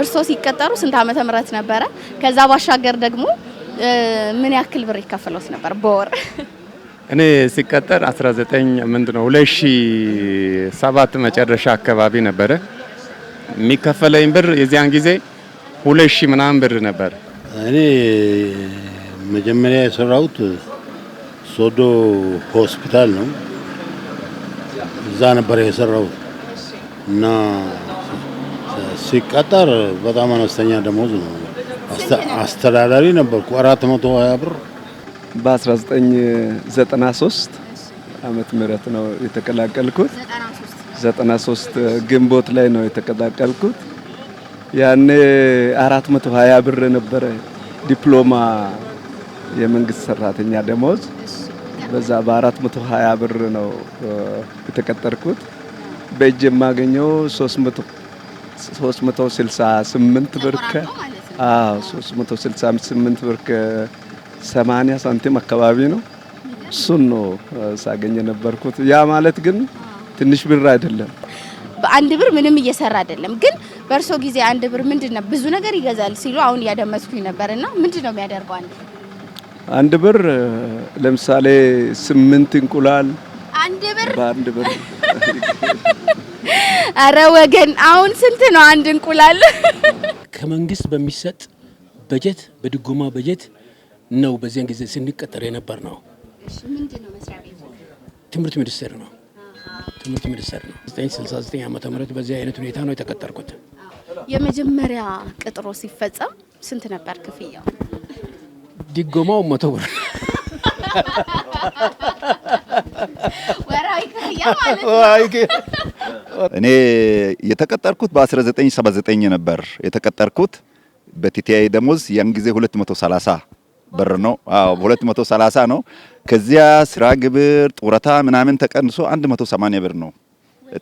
እርስዎ ሲቀጠሩ ስንት ዓመተ ምህረት ነበረ? ከዛ ባሻገር ደግሞ ምን ያክል ብር ይከፈሎት ነበር በወር? እኔ ሲቀጠር 19 ነው 2007 መጨረሻ አካባቢ ነበረ የሚከፈለኝ ብር። የዚያን ጊዜ 2000 ምናምን ብር ነበር። እኔ መጀመሪያ የሰራሁት ሶዶ ሆስፒታል ነው። እዛ ነበር የሰራሁት እና ሲቀጠር በጣም አነስተኛ ደሞዝ ነው። አስተዳዳሪ ነበርኩ 420 ብር። በ1993 ዓመተ ምህረት ነው የተቀላቀልኩት። 93 ግንቦት ላይ ነው የተቀላቀልኩት። ያኔ 420 ብር ነበረ ዲፕሎማ የመንግስት ሰራተኛ ደሞዝ። በዛ በ420 ብር ነው የተቀጠርኩት። በእጅ የማገኘው 300 368 ብር አዎ 368 ብር 80 ሳንቲም አካባቢ ነው። እሱን ነው ሳገኝ የነበርኩት። ያ ማለት ግን ትንሽ ብር አይደለም። በአንድ ብር ምንም እየሰራ አይደለም። ግን በእርሶ ጊዜ አንድ ብር ምንድነው ብዙ ነገር ይገዛል ሲሉ አሁን እያደመስኩኝ ነበር። ምንድነው ምንድን የሚያደርገው አንድ አንድ ብር ለምሳሌ ስምንት እንቁላል አንድ ብር በአንድ ብር አረ ወገን አሁን ስንት ነው አንድ እንቁላል? ከመንግስት በሚሰጥ በጀት በድጎማ በጀት ነው። በዚያን ጊዜ ስንቀጠር የነበር ነው። ትምህርት ሚኒስቴር ነው። ትምህርት ሚኒስቴር ነው። 969 ዓመተ ምህረት በዚህ አይነት ሁኔታ ነው የተቀጠርኩት። የመጀመሪያ ቅጥሮ ሲፈጸም ስንት ነበር ክፍያው? ድጎማው መቶ ብር እኔ የተቀጠርኩት በ1979 ነበር የተቀጠርኩት በቲቲአይ ደሞዝ ያን ጊዜ 230 ብር ነው። አዎ 230 ነው። ከዚያ ስራ ግብር፣ ጡረታ ምናምን ተቀንሶ 180 ብር ነው።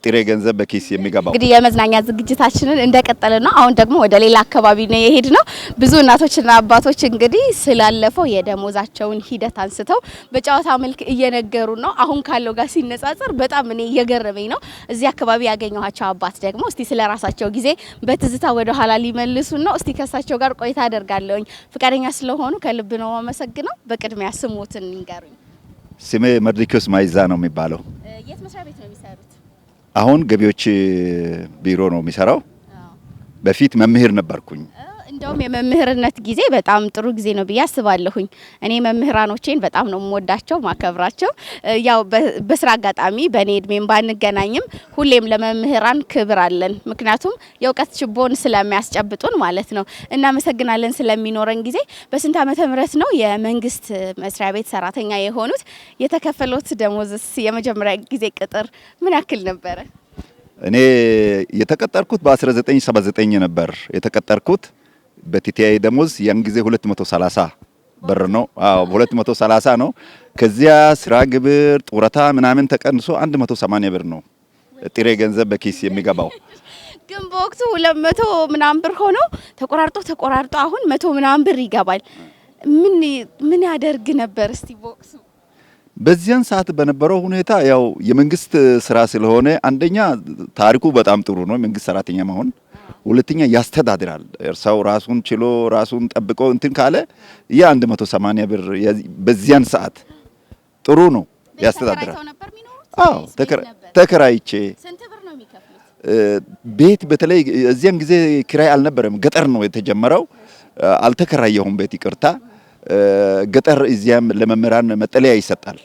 ጥሬ ገንዘብ በኪስ የሚገባው። እንግዲህ የመዝናኛ ዝግጅታችንን እንደቀጠለ ነው። አሁን ደግሞ ወደ ሌላ አካባቢ ነው የሄድ ነው። ብዙ እናቶችና አባቶች እንግዲህ ስላለፈው የደሞዛቸውን ሂደት አንስተው በጨዋታ መልክ እየነገሩ ነው። አሁን ካለው ጋር ሲነጻጸር በጣም እኔ እየገረመኝ ነው። እዚህ አካባቢ ያገኘኋቸው አባት ደግሞ እስቲ ስለ ራሳቸው ጊዜ በትዝታ ወደ ኋላ ሊመልሱ ነው። እስቲ ከሳቸው ጋር ቆይታ አደርጋለሁኝ። ፍቃደኛ ስለሆኑ ከልብ ነው አመሰግነው። በቅድሚያ ስሞትን ይንገሩኝ። ስሜ መርዲኪዮስ ማይዛ ነው የሚባለው። የት መስሪያ ቤት ነው አሁን ገቢዎች ቢሮ ነው የሚሰራው። በፊት መምህር ነበርኩኝ እንደውም የመምህርነት ጊዜ በጣም ጥሩ ጊዜ ነው ብዬ አስባለሁኝ። እኔ መምህራኖቼን በጣም ነው የምወዳቸው ማከብራቸው። ያው በስራ አጋጣሚ በእኔ እድሜም ባንገናኝም ሁሌም ለመምህራን ክብር አለን። ምክንያቱም የእውቀት ችቦን ስለሚያስጨብጡን ማለት ነው። እናመሰግናለን ስለሚኖረን ጊዜ። በስንት ዓመተ ምህረት ነው የመንግስት መስሪያ ቤት ሰራተኛ የሆኑት? የተከፈሎት ደሞዝስ የመጀመሪያ ጊዜ ቅጥር ምን ያክል ነበረ? እኔ የተቀጠርኩት በ1979 ነበር የተቀጠርኩት። በቲቲአይ ደሞዝ ያን ጊዜ 230 ብር ነው። አዎ 230 ነው። ከዚያ ስራ ግብር፣ ጡረታ ምናምን ተቀንሶ 180 ብር ነው ጥሬ ገንዘብ በኪስ የሚገባው። ግን በወቅቱ 200 ምናምን ብር ሆኖ ተቆራርጦ ተቆራርጦ አሁን 100 ምናምን ብር ይገባል። ምን ምን ያደርግ ነበር እስቲ በወቅቱ በዚያን ሰዓት በነበረው ሁኔታ ያው የመንግስት ስራ ስለሆነ አንደኛ ታሪኩ በጣም ጥሩ ነው። መንግስት ሰራተኛ መሆን ሁለተኛ ያስተዳድራል። እርሳው ራሱን ችሎ ራሱን ጠብቆ እንትን ካለ ያ 180 ብር በዚያን ሰዓት ጥሩ ነው፣ ያስተዳድራል። አዎ ተከራይቼ ቤት በተለይ እዚያን ጊዜ ክራይ አልነበረም፣ ገጠር ነው የተጀመረው። አልተከራየሁም ቤት ይቅርታ። ገጠር እዚያም ለመምህራን መጠለያ ይሰጣል።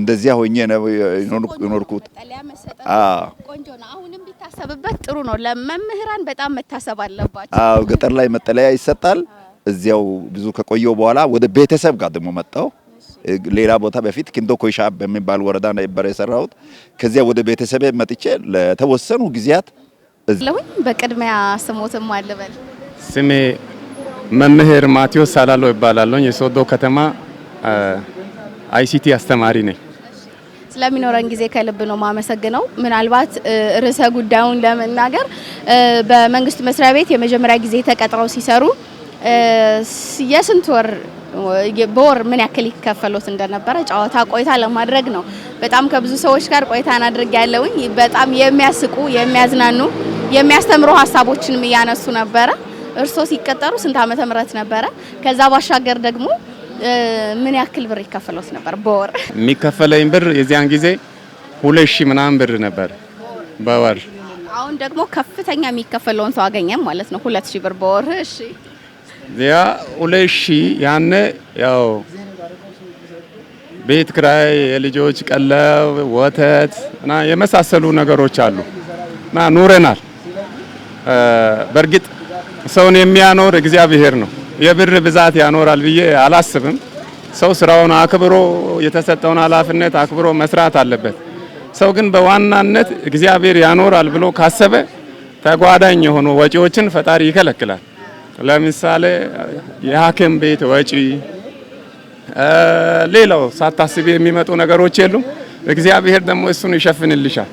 እንደዚያ ሆኜ ነው የኖርኩት። ቆንጆ ነው። አሁንም ቢታሰብበት ጥሩ ነው። ለመምህራን በጣም መታሰብ አለባቸው። አዎ፣ ገጠር ላይ መጠለያ ይሰጣል። እዚያው ብዙ ከቆየው በኋላ ወደ ቤተሰብ ጋር ደግሞ መጣው። ሌላ ቦታ በፊት ኪንዶ ኮይሻ በሚባል ወረዳ ነበር የሰራሁት። ከዚያ ወደ ቤተሰብ መጥቼ ለተወሰኑ ጊዜያት ለሁኝ። በቅድሚያ ስሞትም አልበል ስሜ መምህር ማቴዎስ ሳላሎ ይባላለሁ። የሶዶ ከተማ አይሲቲ አስተማሪ ነኝ። ስለሚኖረን ጊዜ ከልብ ነው ማመሰግነው። ምናልባት ርዕሰ ጉዳዩን ለመናገር በመንግስት መስሪያ ቤት የመጀመሪያ ጊዜ ተቀጥረው ሲሰሩ የስንት ወር በወር ምን ያክል ይከፈሎት እንደነበረ ጨዋታ ቆይታ ለማድረግ ነው። በጣም ከብዙ ሰዎች ጋር ቆይታን አድርግ ያለውኝ በጣም የሚያስቁ የሚያዝናኑ፣ የሚያስተምሩ ሀሳቦችንም እያነሱ ነበረ። እርስዎ ሲቀጠሩ ስንት ዓመተ ምህረት ነበረ? ከዛ ባሻገር ደግሞ ምን ያክል ብር ይከፈሎት ነበር? በወር የሚከፈለኝ ብር የዚያን ጊዜ ሁለት ሺህ ምናምን ብር ነበር በወር። አሁን ደግሞ ከፍተኛ የሚከፈለውን ሰው አገኘም ማለት ነው፣ ሁለት ሺህ ብር በወር። እሺ ያ ሁለት ሺህ ያነ ያው ቤት ክራይ፣ የልጆች ቀለብ፣ ወተት እና የመሳሰሉ ነገሮች አሉ እና ኑረናል። በእርግጥ ሰውን የሚያኖር እግዚአብሔር ነው። የብር ብዛት ያኖራል ብዬ አላስብም። ሰው ስራውን አክብሮ የተሰጠውን ኃላፊነት አክብሮ መስራት አለበት። ሰው ግን በዋናነት እግዚአብሔር ያኖራል ብሎ ካሰበ ተጓዳኝ የሆኑ ወጪዎችን ፈጣሪ ይከለክላል። ለምሳሌ የሐኪም ቤት ወጪ፣ ሌላው ሳታስብ የሚመጡ ነገሮች የሉም። እግዚአብሔር ደግሞ እሱን ይሸፍንልሻል።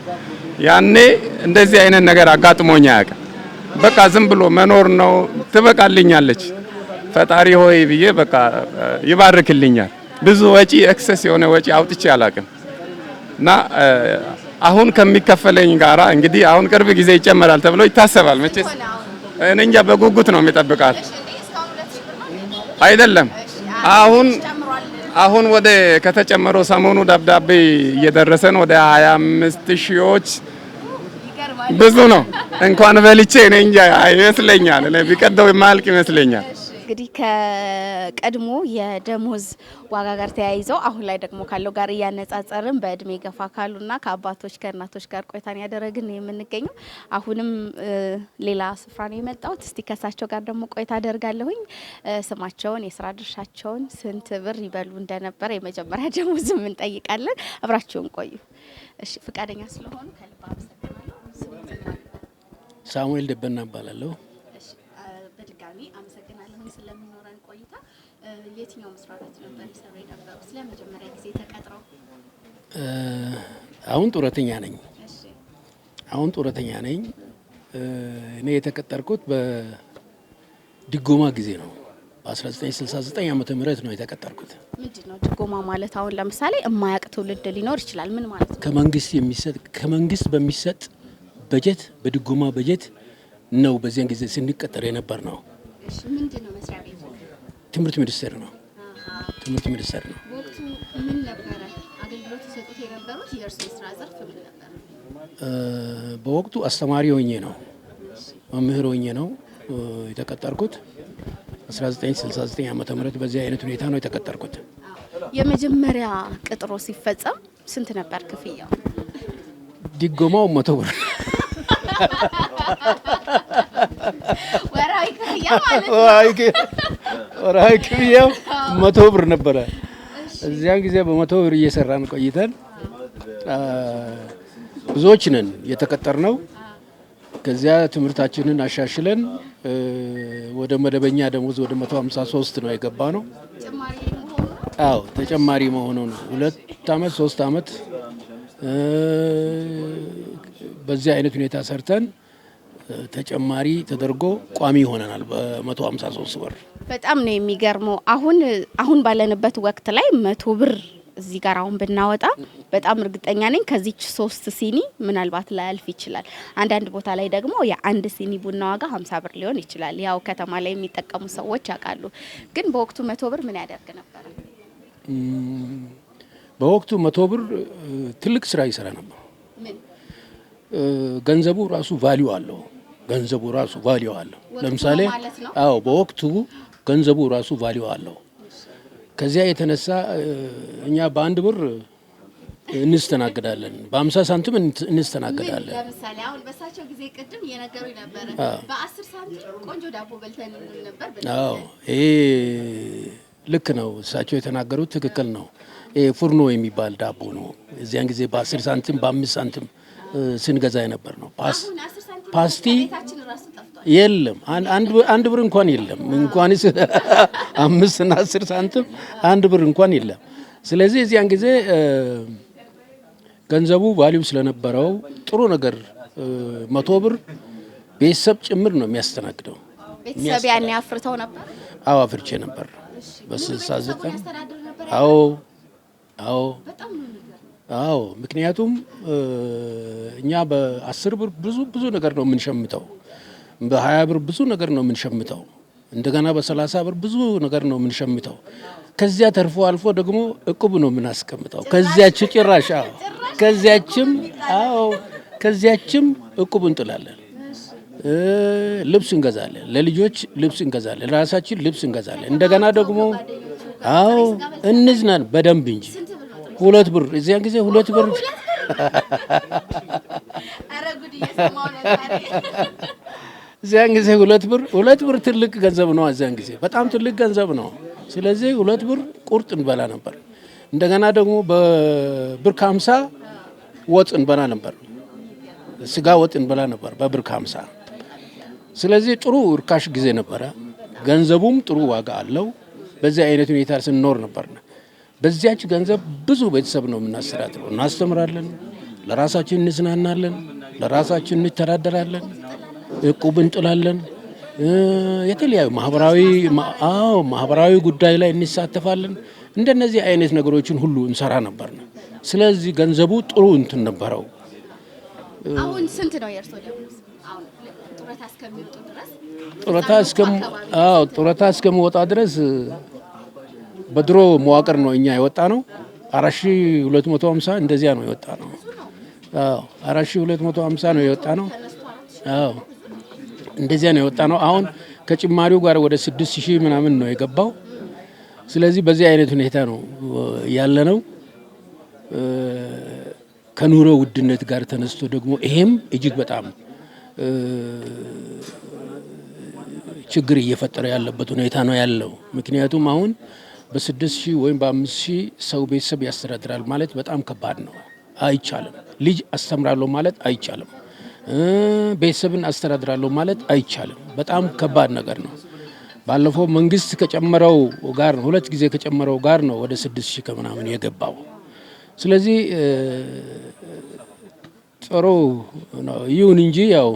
ያኔ እንደዚህ አይነት ነገር አጋጥሞኛ ያውቅ። በቃ ዝም ብሎ መኖር ነው። ትበቃልኛለች ፈጣሪ ሆይ ብዬ በቃ ይባርክልኛል። ብዙ ወጪ ኤክሰስ የሆነ ወጪ አውጥቼ አላቅም እና አሁን ከሚከፈለኝ ጋራ እንግዲህ አሁን ቅርብ ጊዜ ይጨመራል ተብሎ ይታሰባል። መቼስ እኔ እንጃ በጉጉት ነው የሚጠብቃት አይደለም አሁን አሁን ወደ ከተጨመረው ሰሞኑ ደብዳቤ እየደረሰን ወደ 25 ሺዎች ብዙ ነው። እንኳን በልቼ እኔ እንጃ ቢቀደው የማያልቅ ይመስለኛል። እንግዲህ ከቀድሞ የደሞዝ ዋጋ ጋር ተያይዘው አሁን ላይ ደግሞ ካለው ጋር እያነጻጸርን በእድሜ ገፋ ካሉና ከአባቶች ከእናቶች ጋር ቆይታን ያደረግን የምንገኘው አሁንም ሌላ ስፍራ ነው የመጣሁት። እስቲ ከሳቸው ጋር ደግሞ ቆይታ አደርጋለሁኝ። ስማቸውን፣ የስራ ድርሻቸውን፣ ስንት ብር ይበሉ እንደነበረ የመጀመሪያ ደሞዝ እንጠይቃለን። አብራችሁን ቆዩ ፍቃደኛ ስለሆኑ ከልብ አመሰግናለሁ። ሳሙኤል ደበና እባላለሁ። ቆይታ የትኛው መስሪያ ቤት ነበር ጊዜ ተቀጥረው። አሁን ጡረተኛ ነኝ። አሁን ጡረተኛ ነኝ። እኔ የተቀጠርኩት በድጎማ ጊዜ ነው። በ1969 ዓመተ ምህረት ነው የተቀጠርኩት። ምንድነው ድጎማ ማለት? አሁን ለምሳሌ እማያቅ ትውልድ ሊኖር ይችላል። ምን ማለት ነው? ከመንግስት የሚሰጥ ከመንግስት በሚሰጥ በጀት በድጎማ በጀት ነው በዚያን ጊዜ ስንቀጠር የነበር ነው። ምንድን መስሪያ ቤት ትምህርት ሚኒስቴር ነው። ትምህርት ሚኒስቴር ነው። በወቅቱ አስተማሪ ሆኜ ነው መምህር ሆኜ ነው የተቀጠርኩት 1969 ዓ ም በዚህ አይነት ሁኔታ ነው የተቀጠርኩት። የመጀመሪያ ቅጥሮ ሲፈጸም ስንት ነበር ክፍያው? ድጎማው መቶ ብር ወራዊ ክፍያ ማለት ነው። ራክ ብዬው መቶ ብር ነበረ። እዚያን ጊዜ በመቶ ብር እየሰራን ቆይተን ብዙዎች ነን የተቀጠር ነው። ከዚያ ትምህርታችንን አሻሽለን ወደ መደበኛ ደሞዝ ወደ 153 ነው የገባ ነው። አዎ ተጨማሪ መሆኑ ነው። ሁለት አመት ሶስት አመት በዚህ አይነት ሁኔታ ሰርተን ተጨማሪ ተደርጎ ቋሚ ይሆነናል በ153 ብር። በጣም ነው የሚገርመው። አሁን አሁን ባለንበት ወቅት ላይ መቶ ብር እዚህ ጋር አሁን ብናወጣ በጣም እርግጠኛ ነኝ ከዚች ሶስት ሲኒ ምናልባት ላያልፍ ይችላል። አንዳንድ ቦታ ላይ ደግሞ የአንድ ሲኒ ቡና ዋጋ ሀምሳ ብር ሊሆን ይችላል። ያው ከተማ ላይ የሚጠቀሙ ሰዎች ያውቃሉ። ግን በወቅቱ መቶ ብር ምን ያደርግ ነበር? በወቅቱ መቶ ብር ትልቅ ስራ ይሰራ ነበር። ገንዘቡ ራሱ ቫሊዩ አለው። ገንዘቡ ራሱ ቫሊዩ አለው። ለምሳሌ አዎ፣ በወቅቱ ገንዘቡ ራሱ ቫሊዩ አለው። ከዚያ የተነሳ እኛ በአንድ ብር እንስተናግዳለን በአምሳ ሳንቲም እንስተናግዳለን። ለምሳሌ አሁን በሳቸው ጊዜ ቅድም እየነገሩ ነበረ በአስር ሳንቲም ቆንጆ ዳቦ በልተን ነበር። አዎ ይሄ ልክ ነው። እሳቸው የተናገሩት ትክክል ነው። ፉርኖ የሚባል ዳቦ ነው። እዚያን ጊዜ በአስር ሳንቲም በአምስት ሳንቲም ስንገዛ የነበር ነው ፓስ ፓስቲ የለም። አንድ ብር እንኳን የለም። እንኳንስ አምስትና አስር ሳንቲም አንድ ብር እንኳን የለም። ስለዚህ እዚያን ጊዜ ገንዘቡ ቫሊዩ ስለነበረው ጥሩ ነገር መቶ ብር ቤተሰብ ጭምር ነው የሚያስተናግደው። ቤተሰብ ያኔ አፍርተው ነበር። አዎ አፍርቼ ነበር በስልሳ ዘጠኝ አዎ አዎ አዎ ምክንያቱም እኛ በአስር ብር ብዙ ብዙ ነገር ነው የምንሸምተው። በሀያ ብር ብዙ ነገር ነው የምንሸምተው። እንደገና በሰላሳ ብር ብዙ ነገር ነው የምንሸምተው። ከዚያ ተርፎ አልፎ ደግሞ እቁብ ነው የምናስቀምጠው። ከዚያች ጭራሽ ከዚያችም አዎ ከዚያችም እቁብ እንጥላለን። ልብስ እንገዛለን፣ ለልጆች ልብስ እንገዛለን፣ ለራሳችን ልብስ እንገዛለን። እንደገና ደግሞ አዎ እንዝናን በደንብ እንጂ ሁለት ብር እዚያን ጊዜ ሁለት ብር እዚያን ጊዜ ሁለት ብር ሁለት ብር ትልቅ ገንዘብ ነው። እዚያን ጊዜ በጣም ትልቅ ገንዘብ ነው። ስለዚህ ሁለት ብር ቁርጥ እንበላ ነበር። እንደገና ደግሞ በብር ከሀምሳ ወጥ እንበላ ነበር። ስጋ ወጥ እንበላ ነበር በብር ከሀምሳ ስለዚህ ጥሩ እርካሽ ጊዜ ነበረ። ገንዘቡም ጥሩ ዋጋ አለው። በዚህ አይነት ሁኔታ ስንኖር ነበርና በዚያች ገንዘብ ብዙ ቤተሰብ ነው የምናስተዳድረው። እናስተምራለን፣ ለራሳችን እንዝናናለን፣ ለራሳችን እንተዳደራለን፣ እቁብ እንጥላለን፣ የተለያዩ ማህበራዊ ማህበራዊ ጉዳይ ላይ እንሳተፋለን። እንደነዚህ አይነት ነገሮችን ሁሉ እንሰራ ነበር ነው። ስለዚህ ገንዘቡ ጥሩ እንትን ነበረው። አሁን ስንት ነው የእርሶ ደሞዝ? ጡረታ እስከምወጣ ድረስ በድሮ መዋቅር ነው እኛ የወጣ ነው። አራት ሺ ሁለት መቶ ሀምሳ እንደዚያ ነው የወጣ ነው። አራት ሺ ሁለት መቶ ሀምሳ ነው የወጣ ነው። እንደዚያ ነው የወጣ ነው። አሁን ከጭማሪው ጋር ወደ ስድስት ሺህ ምናምን ነው የገባው። ስለዚህ በዚህ አይነት ሁኔታ ነው ያለ ነው። ከኑሮ ውድነት ጋር ተነስቶ ደግሞ ይሄም እጅግ በጣም ችግር እየፈጠረ ያለበት ሁኔታ ነው ያለው። ምክንያቱም አሁን በስድስት ሺህ ወይም በአምስት ሺህ ሰው ቤተሰብ ያስተዳድራል ማለት በጣም ከባድ ነው። አይቻልም። ልጅ አስተምራለሁ ማለት አይቻልም። ቤተሰብን አስተዳድራለሁ ማለት አይቻልም። በጣም ከባድ ነገር ነው። ባለፈው መንግስት ከጨመረው ጋር ነው ሁለት ጊዜ ከጨመረው ጋር ነው ወደ ስድስት ሺህ ከምናምን የገባው። ስለዚህ ጥሩ ነው። ይሁን እንጂ ያው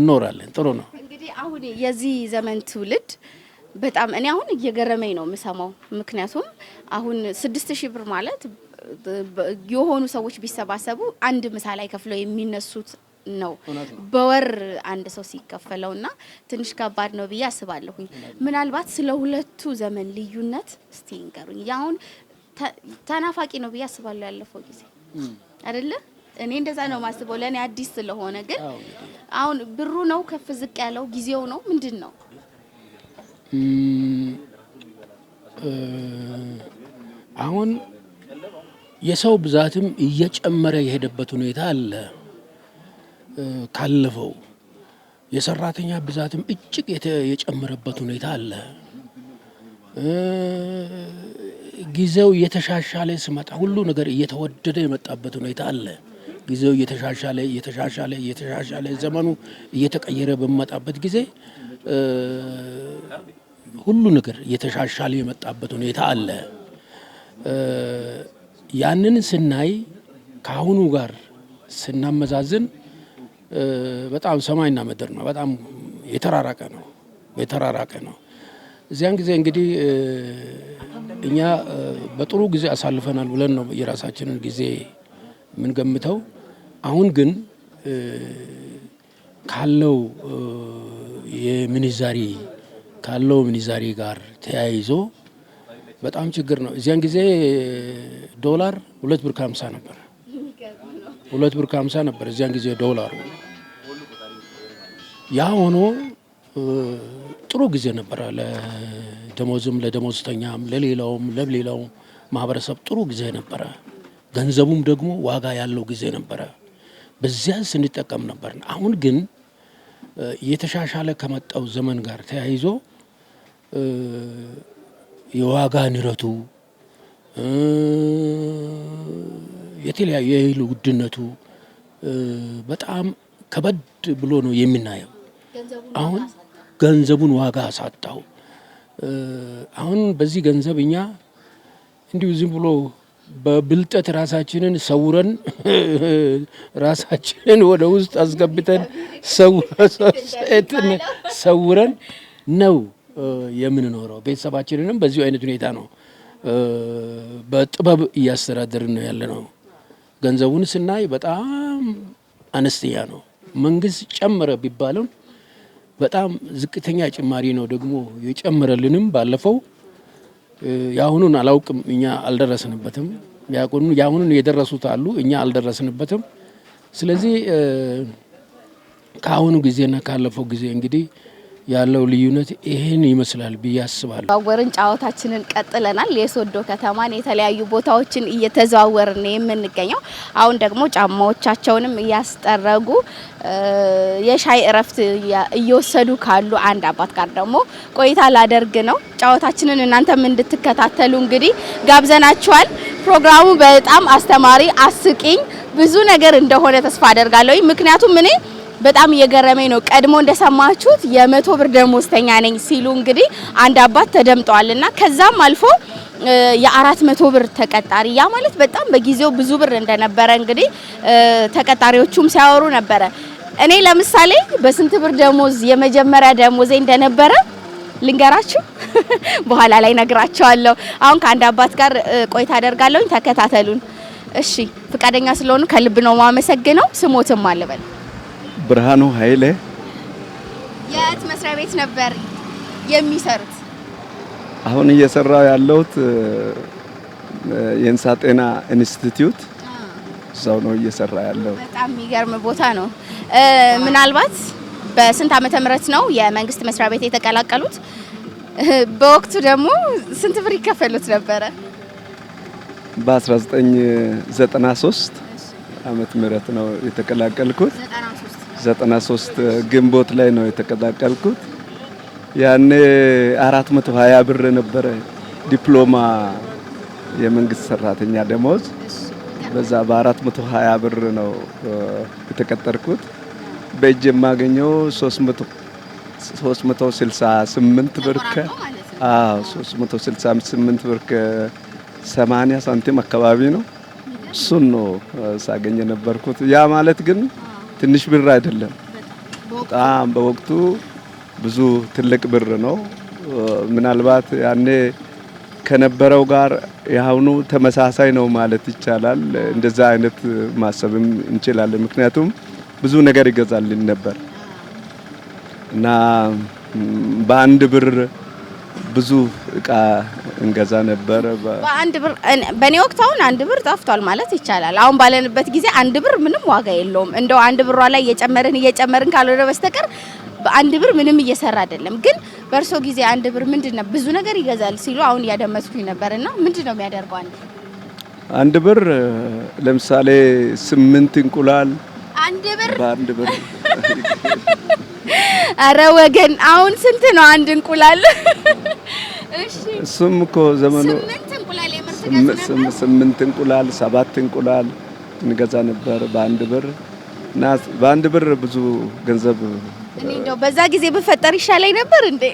እንኖራለን ጥሩ ነው። እንግዲህ አሁን የዚህ ዘመን ትውልድ በጣም እኔ አሁን እየገረመኝ ነው የምሰማው። ምክንያቱም አሁን ስድስት ሺህ ብር ማለት የሆኑ ሰዎች ቢሰባሰቡ አንድ ምሳ ላይ ከፍለው የሚነሱት ነው በወር አንድ ሰው ሲከፈለው እና ትንሽ ከባድ ነው ብዬ አስባለሁኝ። ምናልባት ስለ ሁለቱ ዘመን ልዩነት እስቲ ንገሩኝ። አሁን ተናፋቂ ነው ብዬ አስባለሁ ያለፈው ጊዜ አይደለ? እኔ እንደዛ ነው ማስበው፣ ለእኔ አዲስ ስለሆነ ግን አሁን ብሩ ነው ከፍ ዝቅ ያለው ጊዜው ነው ምንድን ነው Uh, አሁን የሰው ብዛትም እየጨመረ የሄደበት ሁኔታ አለ። uh, ካለፈው የሰራተኛ ብዛትም እጅግ የጨመረበት ሁኔታ አለ። uh, ጊዜው እየተሻሻለ ስመጣ ሁሉ ነገር እየተወደደ የመጣበት ሁኔታ አለ። ጊዜው እየተሻሻለ እየተሻሻለ እየተሻሻለ ዘመኑ እየተቀየረ በመጣበት ጊዜ ሁሉ ነገር እየተሻሻለ የመጣበት ሁኔታ አለ። ያንን ስናይ ከአሁኑ ጋር ስናመዛዝን በጣም ሰማይና ምድር ነው። በጣም የተራራቀ ነው የተራራቀ ነው። እዚያን ጊዜ እንግዲህ እኛ በጥሩ ጊዜ አሳልፈናል ብለን ነው የራሳችንን ጊዜ የምንገምተው። አሁን ግን ካለው የምንዛሪ ካለው ምንዛሪ ጋር ተያይዞ በጣም ችግር ነው። እዚያን ጊዜ ዶላር ሁለት ብር ከሀምሳ ነበር፣ ሁለት ብር ከሀምሳ ነበር እዚያን ጊዜ ዶላሩ። ያ ሆኖ ጥሩ ጊዜ ነበረ ለደሞዝም፣ ለደሞዝተኛም፣ ለሌላውም ለሌላው ማህበረሰብ ጥሩ ጊዜ ነበረ። ገንዘቡም ደግሞ ዋጋ ያለው ጊዜ ነበረ። በዚያ ስንጠቀም ነበር። አሁን ግን እየተሻሻለ ከመጣው ዘመን ጋር ተያይዞ የዋጋ ንረቱ የተለያዩ የእህል ውድነቱ በጣም ከበድ ብሎ ነው የምናየው። አሁን ገንዘቡን ዋጋ አሳጣው። አሁን በዚህ ገንዘብ እኛ እንዲሁ ዝም ብሎ በብልጠት ራሳችንን ሰውረን ራሳችንን ወደ ውስጥ አስገብተን ሰውረን ነው የምንኖረው። ቤተሰባችንንም በዚሁ አይነት ሁኔታ ነው በጥበብ እያስተዳደርን ነው ያለ ነው። ገንዘቡን ስናይ በጣም አነስተኛ ነው። መንግስት ጨመረ ቢባልም በጣም ዝቅተኛ ጭማሪ ነው። ደግሞ የጨመረልንም ባለፈው የአሁኑን አላውቅም፣ እኛ አልደረስንበትም። የአሁኑን የደረሱት አሉ፣ እኛ አልደረስንበትም። ስለዚህ ከአሁኑ ጊዜና ካለፈው ጊዜ እንግዲህ ያለው ልዩነት ይህን ይመስላል ብዬ አስባለሁ። ተዘዋወርን ጨዋታችንን ቀጥለናል። የሶዶ ከተማን የተለያዩ ቦታዎችን እየተዘዋወርን የምንገኘው አሁን ደግሞ ጫማዎቻቸውንም እያስጠረጉ የሻይ እረፍት እየወሰዱ ካሉ አንድ አባት ጋር ደግሞ ቆይታ ላደርግ ነው። ጨዋታችንን እናንተም እንድትከታተሉ እንግዲህ ጋብዘናችኋል። ፕሮግራሙ በጣም አስተማሪ፣ አስቂኝ ብዙ ነገር እንደሆነ ተስፋ አደርጋለሁ። ምክንያቱም እኔ በጣም እየገረመኝ ነው። ቀድሞ እንደሰማችሁት የመቶ ብር ደሞዝተኛ ነኝ ሲሉ እንግዲህ አንድ አባት ተደምጠዋል እና ከዛም አልፎ የአራት መቶ ብር ተቀጣሪ ያ ማለት በጣም በጊዜው ብዙ ብር እንደነበረ እንግዲህ ተቀጣሪዎቹም ሲያወሩ ነበረ። እኔ ለምሳሌ በስንት ብር ደሞዝ የመጀመሪያ ደሞዜ እንደነበረ ልንገራችሁ፣ በኋላ ላይ ነግራችኋለሁ። አሁን ከአንድ አባት ጋር ቆይታ አደርጋለሁኝ። ተከታተሉን እሺ። ፍቃደኛ ስለሆኑ ከልብ ነው ማመሰግነው። ስሞትም አልበል ብርሃኑ ኃይሌ። የት መስሪያ ቤት ነበር የሚሰሩት? አሁን እየሰራው ያለሁት የእንስሳ ጤና ኢንስቲትዩት ሰው ነው እየሰራ ያለው። በጣም የሚገርም ቦታ ነው። ምናልባት በስንት ዓመተ ምህረት ነው የመንግስት መስሪያ ቤት የተቀላቀሉት? በወቅቱ ደግሞ ስንት ብር ይከፈሉት ነበረ? በ1993 ዓመተ ምህረት ነው የተቀላቀልኩት። 93 ግንቦት ላይ ነው የተቀላቀልኩት። ያኔ 420 ብር ነበረ ዲፕሎማ የመንግስት ሰራተኛ ደሞዝ። በዛ በ420 ብር ነው የተቀጠርኩት። በእጅ የማገኘው 368 ብር ከ አዎ 368 ብር ከ80 ሳንቲም አካባቢ ነው። እሱን ነው ሳገኘ ነበርኩት። ያ ማለት ግን ትንሽ ብር አይደለም። በጣም በወቅቱ ብዙ ትልቅ ብር ነው። ምናልባት ያኔ ከነበረው ጋር የአሁኑ ተመሳሳይ ነው ማለት ይቻላል። እንደዛ አይነት ማሰብም እንችላለን። ምክንያቱም ብዙ ነገር ይገዛልን ነበር እና በአንድ ብር ብዙ እቃ እንገዛ ነበረ። በአንድ ብር በእኔ ወቅት አሁን አንድ ብር ጠፍቷል ማለት ይቻላል። አሁን ባለንበት ጊዜ አንድ ብር ምንም ዋጋ የለውም። እንደው አንድ ብሯ ላይ እየጨመርን እየጨመርን ካልሆነ በስተቀር በአንድ ብር ምንም እየሰራ አይደለም። ግን በእርሶ ጊዜ አንድ ብር ምንድን ነው ብዙ ነገር ይገዛል ሲሉ አሁን እያደመጥኩኝ ነበር። እና ምንድን ነው የሚያደርገው አንድ አንድ ብር ለምሳሌ ስምንት እንቁላል አንድ ብር በአንድ ብር አረ ወገን አሁን ስንት ነው አንድ እንቁላል? እሱም እኮ ዘመኑ ስምንት እንቁላል ሰባት እንቁላል እንገዛ ነበር በአንድ ብር እና በአንድ ብር ብዙ ገንዘብ እንደው በዛ ጊዜ ብፈጠር ይሻላይ ነበር እንዴ?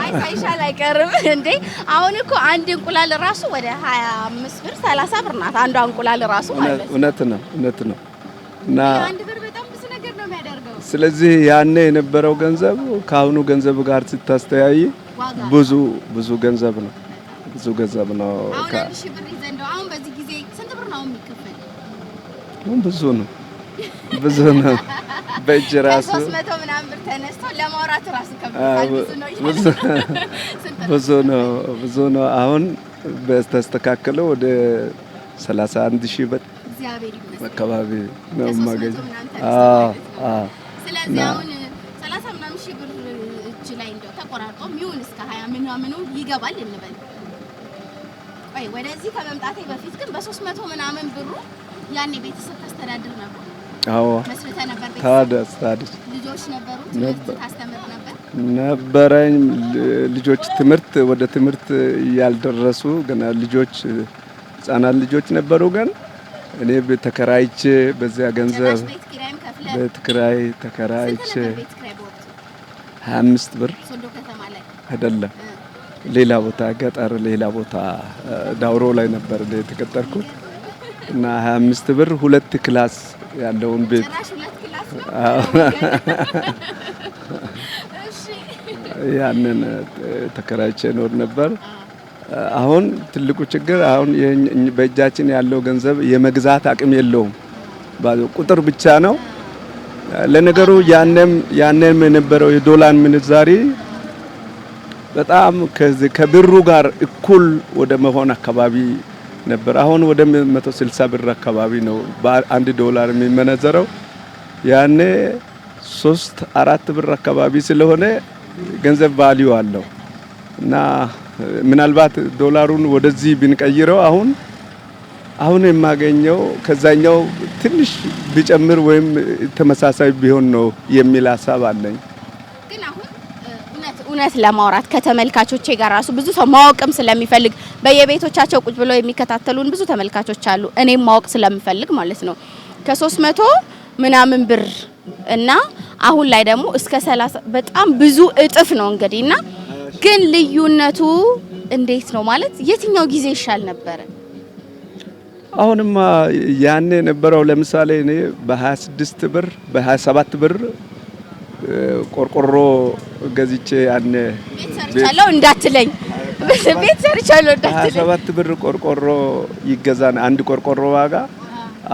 አይ ሳይሻል አይቀርም እንዴ? አሁን እኮ አንድ እንቁላል ራሱ ወደ 25 ብር 30 ብር ናት አንዷ እንቁላል ራሱ ማለት ነው። እውነት ነው፣ እውነት ነው እና ስለዚህ ያኔ የነበረው ገንዘብ ከአሁኑ ገንዘብ ጋር ስታስተያይ ብዙ ብዙ ገንዘብ ነው። ብዙ ገንዘብ ነው። ብዙ ነው። ብዙ ነው። በእጅ ራሱ ብዙ ነው። ብዙ ነው። አሁን በተስተካከለ ወደ 31 ሺህ ብር አካባቢ ነው የማገኘው። ስለዚህ አሁን ሰላሳ ምናምን ሺህ ብር እጅ ላይ እንደው ተቆራርጦ ይሁን እስከ ሀያ ምናምኑ ይገባል እንበል። ቆይ ወደዚህ ከመምጣቴ በፊት ግን በሶስት መቶ ምናምን ብሩ ያኔ ቤተሰብ ታስተዳድር ነበር። አዎ መስርተህ ነበር። ታዲያስ ታዲያስ ልጆች ነበሩ። ነበር ነበረኝ። ልጆች ትምህርት ወደ ትምህርት ያልደረሱ ገና ልጆች ህጻናት ልጆች ነበሩ። ግን እኔ ተከራይቼ በዚያ ገንዘብ ቤት ኪራይ ተከራይቼ ሀያ አምስት ብር አይደለም፣ ሌላ ቦታ ገጠር፣ ሌላ ቦታ ዳውሮ ላይ ነበር የተቀጠርኩት እና ሀያ አምስት ብር ሁለት ክላስ ያለውን ቤት ያንን ተከራይቼ ኖር ነበር። አሁን ትልቁ ችግር አሁን በእጃችን ያለው ገንዘብ የመግዛት አቅም የለውም፣ ቁጥር ብቻ ነው። ለነገሩ ያንም ያንም የነበረው የዶላር ምንዛሪ በጣም ከዚህ ከብሩ ጋር እኩል ወደ መሆን አካባቢ ነበር። አሁን ወደ 160 ብር አካባቢ ነው በአንድ ዶላር የሚመነዘረው። ያኔ ሶስት አራት ብር አካባቢ ስለሆነ ገንዘብ ቫልዩ አለው እና ምናልባት ዶላሩን ወደዚህ ብንቀይረው አሁን አሁን የማገኘው ከዛኛው ትንሽ ቢጨምር ወይም ተመሳሳይ ቢሆን ነው የሚል ሀሳብ አለኝ። ግን አሁን እውነት ለማውራት ከተመልካቾቼ ጋር ራሱ ብዙ ሰው ማወቅም ስለሚፈልግ በየቤቶቻቸው ቁጭ ብለው የሚከታተሉን ብዙ ተመልካቾች አሉ። እኔም ማወቅ ስለምፈልግ ማለት ነው ከሶስት መቶ ምናምን ብር እና አሁን ላይ ደግሞ እስከ 30 በጣም ብዙ እጥፍ ነው እንግዲህ እና ግን ልዩነቱ እንዴት ነው ማለት የትኛው ጊዜ ይሻል ነበረ? አሁንማ ያኔ የነበረው ለምሳሌ እኔ በ26 ብር በ27 ብር ቆርቆሮ ገዝቼ ያኔ ቤት እንዳትለኝ ቤት ሰርቻለሁ እንዳትለኝ 27 ብር ቆርቆሮ ይገዛ አንድ ቆርቆሮ ዋጋ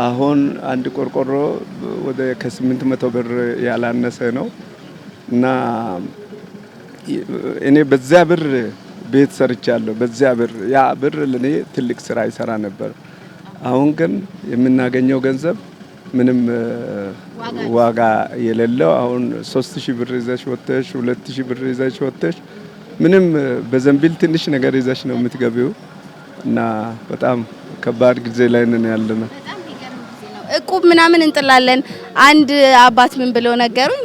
አሁን አንድ ቆርቆሮ ወደ ከ800 ብር ያላነሰ ነው እና እኔ በዚያ ብር ቤት ሰርቻለሁ። በዚያ ብር ያ ብር ለኔ ትልቅ ስራ ይሰራ ነበር። አሁን ግን የምናገኘው ገንዘብ ምንም ዋጋ የሌለው አሁን ሶስት ሺህ ብር ይዘሽ ወጥተሽ ሁለት ሺህ ብር ይዘሽ ወጥተሽ ምንም በዘንቢል ትንሽ ነገር ይዘሽ ነው የምትገቢው እና በጣም ከባድ ጊዜ ላይ ነን ያለነው። እቁብ ምናምን እንጥላለን። አንድ አባት ምን ብለው ነገሩኝ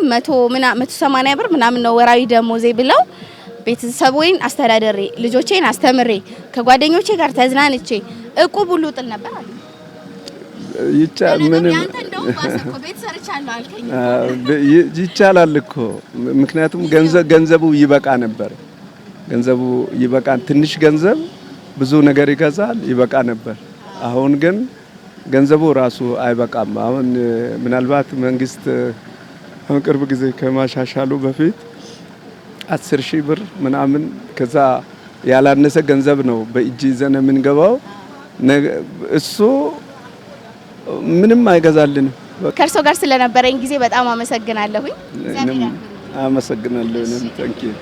መቶ ሰማንያ ብር ምናምን ነው ወራዊ ደሞዜ ብለው ቤተሰቦይን አስተዳደሬ ልጆቼን አስተምሬ ከጓደኞቼ ጋር ተዝናንቼ እቁብ ሁሉ ጥል ነበር አለ። ይቻላል እኮ ምክንያቱም ገንዘቡ ይበቃ ነበር። ገንዘቡ ይበቃ ትንሽ ገንዘብ ብዙ ነገር ይገዛል፣ ይበቃ ነበር። አሁን ግን ገንዘቡ ራሱ አይበቃም። አሁን ምናልባት መንግስት አሁን ቅርብ ጊዜ ከማሻሻሉ በፊት አስር ሺህ ብር ምናምን ከዛ ያላነሰ ገንዘብ ነው በእጅ ይዘን የምንገባው። እሱ ምንም አይገዛልንም። ከእርሶ ጋር ስለነበረኝ ጊዜ በጣም አመሰግናለሁኝ። አመሰግናለሁ።